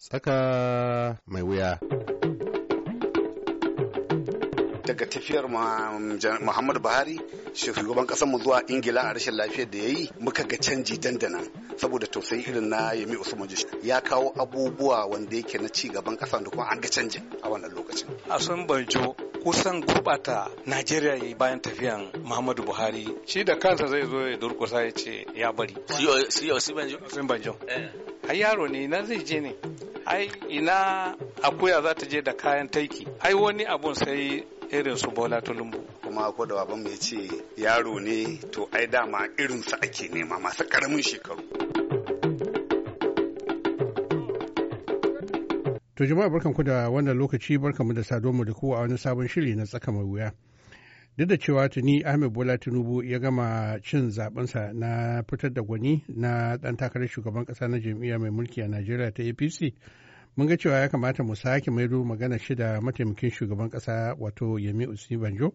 Tsaka mai wuya. Daga tafiyar Muhammadu Buhari, shugaban mu zuwa Ingila a rashin lafiyar da ya yi, muka ga canji dandana saboda tausayi irin na Yemi Usman ya kawo abubuwa wanda yake na ci gaban ƙasar da kuma an ga canjin a wannan lokacin. A sun banjo kusan gurɓata Najeriya ya yi bayan tafiyan Muhammadu Buhari shi da kansa zai zo ya durkusa ya ce ya bari. Siyo banjo? Sibanjo. Eh. yaro ne na zai je ne. ai ina akuya za ta je da kayan taiki ai wani abun sai irin su bola tulumbu kuma ko da babanmu ya ce yaro ne to ai dama su ake nema masu karamin shekaru to jama'a barkanku da wannan lokaci barkan mu da saduwa da kowa wani sabon shiri na tsaka mai wuya duk da cewa tuni ahmed bola tinubu ya gama cin zabensa na fitar da gwani na dan takarar shugaban kasa na jam'iyya mai mulki a najeriya ta apc mun ga cewa ya kamata mu sake maido magana shida mataimakin shugaban kasa wato yemi banjo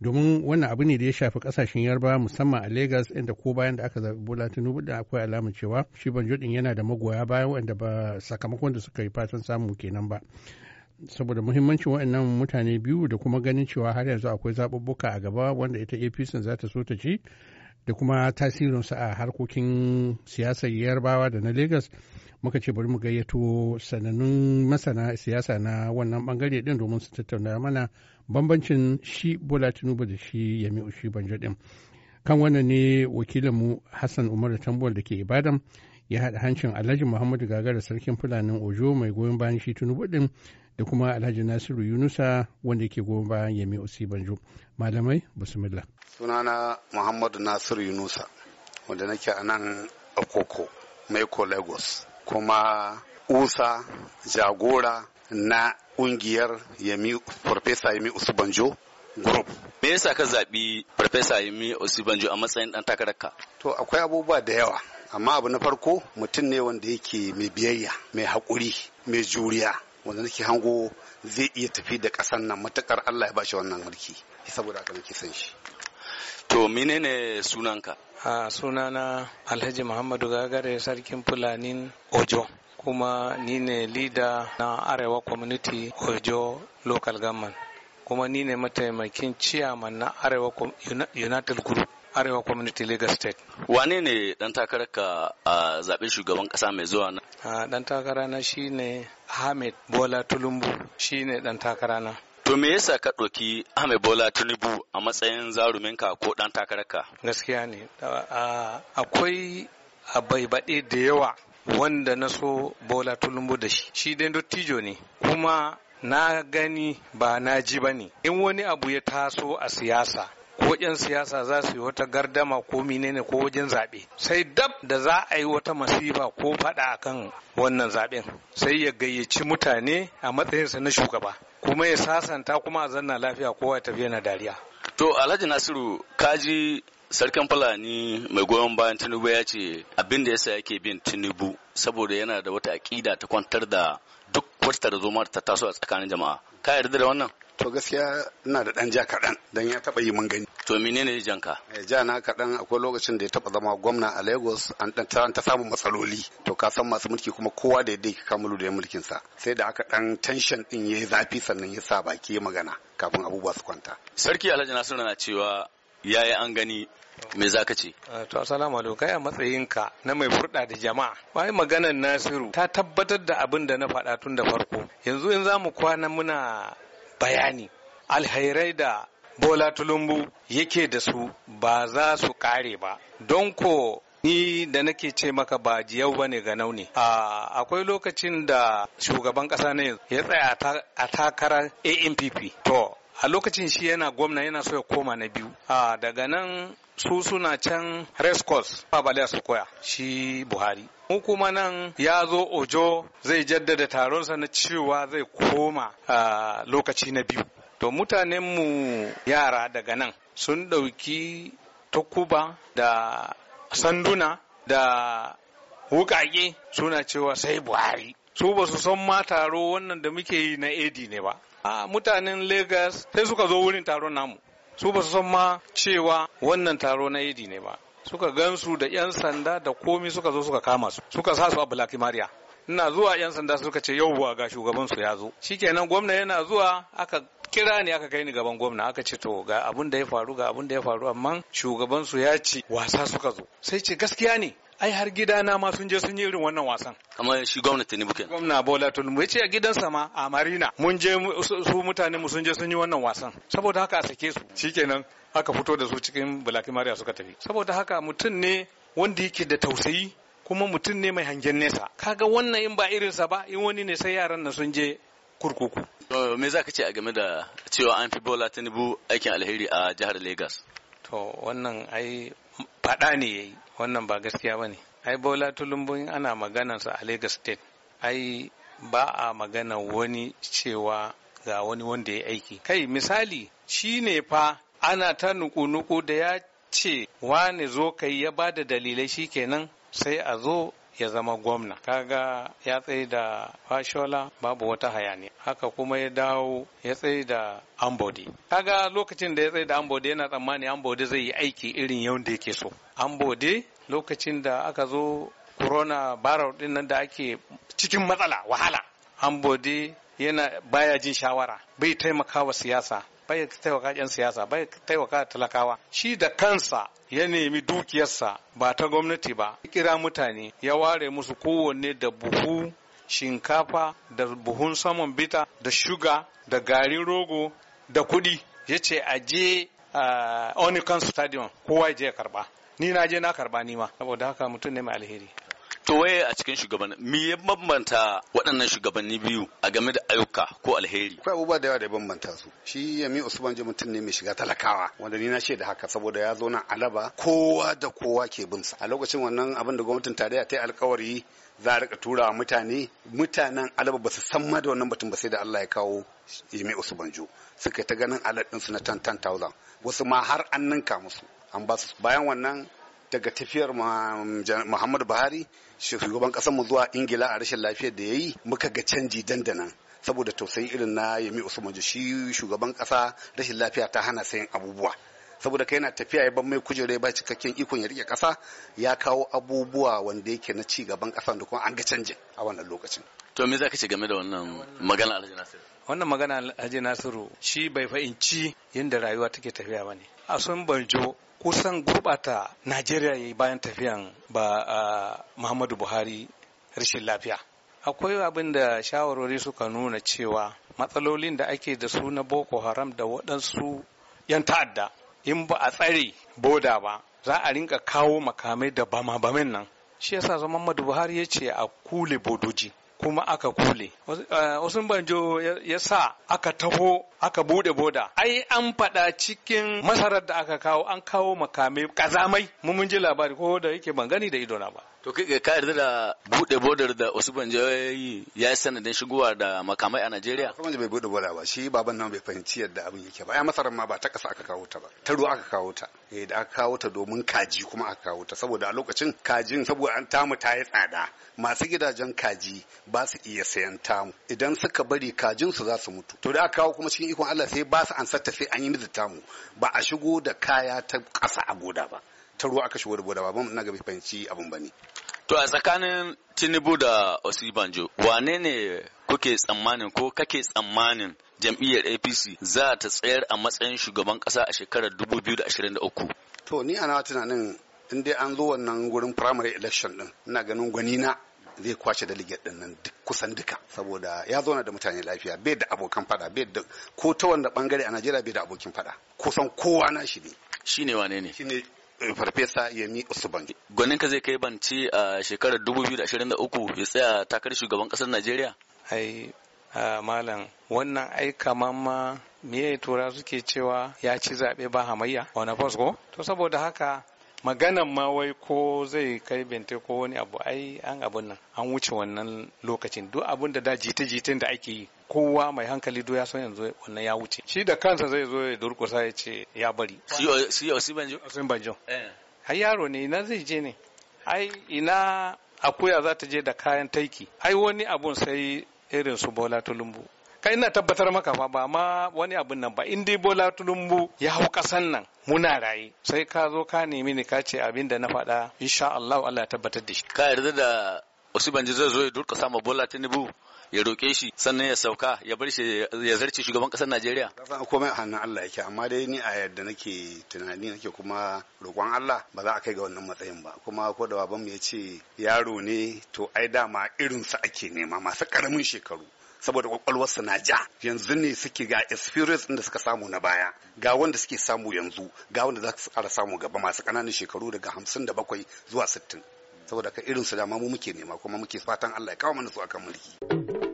domin wannan abu ne da ya shafi kasashen yarba musamman a lagos inda ko bayan da aka zaɓi bola tinubu da akwai alamun cewa shi banjo din yana da magoya bayan wanda ba sakamakon da suka yi fatan samu kenan ba saboda muhimmancin waɗannan mutane biyu da kuma ganin cewa har yanzu akwai zaɓuɓɓuka a gaba wanda ita apc za ta so ta ci da kuma tasirinsu a harkokin siyasar yarbawa da na lagos muka ce bari mu gayyato sanannun masana siyasa na wannan bangare din domin su tattauna mana bambancin shi bola tinubu da shi yami ushi banjo din kan wannan ne wakilinmu hassan umar tambuwal da ke ibadan ya haɗa hancin alhaji muhammadu gagara sarkin fulanin ojo mai goyon bayan shi tinubu din da kuma alhaji nasiru yunusa wanda ke goyon bayan yami usi banjo malamai bismillah sunana muhammadu nasiru yunusa wanda nake a nan akoko maiko lagos kuma usa jagora na ƙungiyar yami farfesa yami banjo group me yasa ka zaɓi farfesa yami Usi Banjo a matsayin ɗan takararka to akwai abubuwa da yawa amma abu na farko mutum ne wanda yake mai biyayya mai haƙuri mai juriya wanda nake hango zai iya tafi da ƙasar nan matuƙar Allah ya shi wannan mulki saboda haka nake san shi to menene sunanka a sunana Alhaji Muhammadu Gagare sarkin Fulanin Ojo kuma ni ne leader na Arewa Community Ojo Local Government kuma ni ne mataimakin ciyaman na Arewa United Group arewa community legal state wane ne dan takarar ka a zaben shugaban kasa mai zuwa na dan takara na shine ahmed bola tulumbu shine dan takara na To me yasa ka ɗauki Ahmed Bola Tulumbu a matsayin zarumin ka ko ɗan ka? Gaskiya ne. Akwai baibaɗe da yawa wanda na so Bola Tulumbu da shi. Shi dai dottijo ne. Kuma na gani ba na ji ba ne. In wani abu ya taso a siyasa, ko 'yan siyasa za su yi wata gardama ko menene ko wajen zaɓe sai dab da za a yi wata masifa ko faɗa akan wannan zaɓen sai ya gayyaci mutane a matsayinsa na shugaba kuma ya sasanta kuma a zanna lafiya kowa ya tafiya na dariya to alhaji nasiru kaji sarkin fulani mai goyon bayan tinubu ya ce abin da yasa yake bin tinubu saboda yana da wata aƙida ta kwantar da duk wata tarzoma ta taso a tsakanin jama'a ka yarda da wannan to gaskiya ina da ɗan ja kaɗan don ya taɓa yi mun gani. To menene janka? Eh, ja na kaɗan akwai lokacin da ya taɓa zama gwamna a Lagos an ta samu matsaloli. To ka san masu mulki kuma kowa da yadda ka mulu da mulkin sa. Sai da aka ɗan tension ɗin ya yi zafi sannan ya sa baki ya magana kafin abubuwa su kwanta. Sarki Alhaji Nasiru na cewa ya yi an gani me za ce? Eh, to assalamu alaikum kai a matsayinka na mai furda da jama'a. Wai maganar Nasiru ta tabbatar da abin da na faɗa tun da farko. Yanzu in za mu kwana muna bayani alhairai da bola tulumbu yake da su ba za su kare ba don ko ni da nake ce maka ba jiyau ba ne ga nauni akwai lokacin da shugaban kasa ne ya tsaya a takarar ampp to a lokacin shi yana gwamna yana so ya koma na biyu daga nan su suna can rescos course su koya shi buhari mu kuma nan ya zo ojo zai jaddada taronsa na cewa zai koma a lokaci na biyu to mutanenmu yara daga nan sun ɗauki takuba da sanduna da wuƙaƙe suna cewa sai buhari su ba su san ma taro wannan da muke yi na edi ne ba a mutanen lagos sai suka zo wurin taron namu su ba su san ma cewa wannan taro na edi ne ba suka gansu da 'yan sanda da komi suka zo suka kama su suka sa su a Black Maria ina zuwa 'yan sanda suka ce yau ga shugaban su ya zo shi kenan gwamna yana zuwa aka kira ni aka kai ni gaban gwamna aka ce to ga abun da ya faru ga abun da ya faru amma shugaban su ya ce wasa suka zo sai ce gaskiya ne ai har gidana ma sun je sun yi irin wannan wasan Kamar shi gwamnati ne buke gwamna Bola Tinubu ya ce a gidansa ma a Marina mun je su mutane mu sun je sun yi wannan wasan saboda haka a sake su shikenan aka fito da su cikin Bulaki Mariya suka tafi saboda haka mutum ne wanda yake da tausayi kuma mutum ne mai hangen nesa kaga wannan in ba irinsa ba in wani ne sai yaran na sun je kurkuku me za ka ce a game da cewa an fi bola tinubu aikin alheri a jihar Legas? to wannan ai faɗa ne yayi wannan ba gaskiya ba ne ai bola tulumbu ana maganarsa a lagos state ai ba a magana wani cewa ga wani wanda ya aiki kai misali shi ne fa ana ta nuku-nuku da ya ce wane zo kai ya ba da dalilai shikenan sai a zo ya zama gwamna kaga ya tsaye da fashola babu wata hayaniya haka kuma ya dawo ya tsaye da ambodi kaga lokacin da ya tsaye da ambodi yana tsammani ambodi zai yi aiki irin yadda yake so ambodi lokacin da aka zo corona barau din nan da ake cikin matsala wahala ambodi yana baya jin shawara bai taimaka wa siyasa bai taimaka yan siyasa bai taimaka talakawa shi da kansa ya nemi dukiyarsa ba ta gwamnati ba kira mutane ya ware musu kowanne da buhu shinkafa da buhun saman bita da shuga da garin rogo da kudi. ya ce a je onikan stadium kowa ya je ya karba ni na je na karba ni ma saboda haka mutum ne mai alheri To waye a cikin shugaban mi ya bambanta waɗannan shugabanni biyu a game da ayyuka ko alheri? Akwai abubuwa da yawa da bambanta su. Shi Yami Usman ji mutum ne mai shiga talakawa wanda ni na da haka saboda ya zo na alaba kowa da kowa ke bin sa. A lokacin wannan abin da gwamnatin tarayya ta yi alkawari za a rika turawa mutane mutanen alaba ba su san ma da wannan batun ba sai da Allah ya kawo Yami Usman ju suka ta ganin alat su na 10,000 wasu ma har an ninka musu an ba su bayan wannan daga tafiyar Muhammadu Buhari shugaban kasar mu zuwa Ingila a rashin lafiyar da yayi muka ga canji dandanan saboda tausayi irin na Yemi Usman shi shugaban kasa rashin lafiya ta hana sayan abubuwa saboda kai yana tafiya ya ban mai kujere ba cikakken ikon ya rike kasa ya kawo abubuwa wanda yake na ci gaban kasa da kuma an ga canjin a wannan lokacin to me zaka ce game da wannan magana Alhaji Nasiru wannan magana Alhaji Nasiru shi bai fahimci yadda rayuwa take tafiya bane a sun banjo kusan gurɓata najeriya ya yi bayan tafiyan ba muhammadu buhari rashin lafiya akwai abin da shawarwari suka nuna cewa matsalolin da ake da su na boko haram da waɗansu 'yan ta'adda in ba a tsare boda ba za a rinka kawo makamai da bama bamin nan shi yasa zaman madu buhari ya ce a kule bodoji kuma aka kule Wasu eh, Banjo ya sa aka taho aka bude boda ai an faɗa cikin masarar da aka kawo an kawo makamai kazamai mun ji labari ko da yake ban gani da idona ba to kai ka yarda da bude bodar da Usman Banjo ya yi sanadin shigowa da makamai a Najeriya Usman Banjo bai bude boda ba shi baban nan bai fahimci yadda abin yake ba Ai masarar ma ba ta kasa aka kawo ta ba ta ruwa aka kawo ta eh da aka kawo ta domin kaji kuma aka kawo ta saboda a lokacin kajin saboda an tamu ta yi tsada masu gidajen kaji ba su iya sayan tamu idan suka bari kajin su za su mutu to da aka kawo kuma cikin ikon Allah sai ba su ansar ta sai an yi miji tamu ba a shigo da kaya ta ƙasa a goda ba ta ruwa aka shigo da goda ba ban na gabi fahimci abin bane to a tsakanin Tinubu da Osibanjo wane ne kuke tsammanin ko kake tsammanin jam'iyyar apc za ta tsayar a matsayin shugaban ƙasa a shekarar 2023 to ni ana tunanin in dai an zo wannan wurin primary election din ina ganin gwanina zai kwace delegate din nan kusan duka saboda ya zauna da mutane lafiya bai da abokan fada bai da ko ta wanda bangare a Najeriya bai da abokin fada kusan kowa na shi ne ne wane ne shine eh, farfesa yemi usubangi gwaninka zai kai banci a shekarar 2023 ya tsaya takarar shugaban kasar Najeriya ai malam wannan ai kaman ma miye tura suke cewa ya ci zaɓe ba hamayya wani fasko to saboda haka maganan ma wai ko zai kai bente ko wani abu ai an abun nan an wuce wannan lokacin duk abun da da jita-jitin da ake yi kowa mai hankali do ya san yanzu wannan ya wuce shi da kansa zai zo ya durkusa ya ce ya bari si banjo sin banjo eh. ai yaro ne ina zai je ne ai ina akuya za ta je da kayan taiki ai wani abun sai irin su bola tulumbu kai ina tabbatar maka fa ba ma wani abin nan ba in dai bola tulumbu ya hau kasan nan muna raye sai ka zo ka nemi ni ka ce abin da na faɗa insha Allah Allah ya tabbatar da shi ka yarda da Osibanji zai zo ya durka sama Bola Tinubu ya roƙe shi sannan ya sauka ya bar shi ya zarce shugaban ƙasar Najeriya. Kasan komai a hannun Allah yake amma dai ni a yadda nake tunani nake kuma roƙon Allah ba za a kai ga wannan matsayin ba kuma ko da baban ya ce yaro ne to ai dama sa ake nema masu karamin shekaru. saboda kwakwalwarsu na ja yanzu ne suke ga experience da suka samu na baya ga wanda suke samu yanzu ga wanda za su ƙara samu gaba masu ƙananan shekaru daga hamsin da bakwai zuwa sittin saboda ka irin irinsu dama mu muke nema kuma muke fatan Allah ya kawo mana su akan mulki.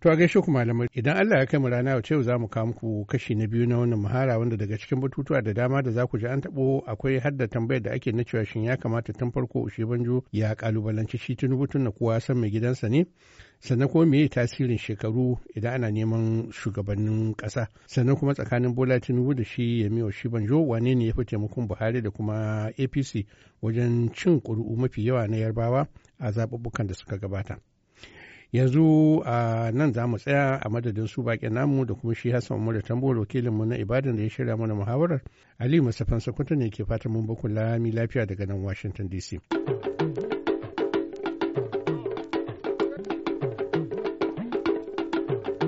To a gaishe ku malamai idan Allah ya kai mu rana yau yau za mu kawo muku kashi na biyu na wannan muhara wanda daga cikin batutuwa da dama da za ku ji an tabo akwai har da tambayar da ake na cewa shin ya kamata tun farko ushe banjo ya kalubalanci shi tunubu butun na kowa san mai gidansa ne sannan kuma meye tasirin shekaru idan ana neman shugabannin kasa sannan kuma tsakanin bola tinubu da shi miyo shi banjo wane ne ya fi taimakon buhari da kuma apc wajen cin ƙuri'u mafi yawa na yarbawa a zaɓuɓɓukan da suka gabata yanzu a nan za mu tsaya a madadin su baƙin namu da kuma shi hassan umar da tambo wakilinmu na ibadan da ya shirya mana muhawarar aliyu masafan sakwato ne ke fatan mun bakun lami lafiya daga nan washington dc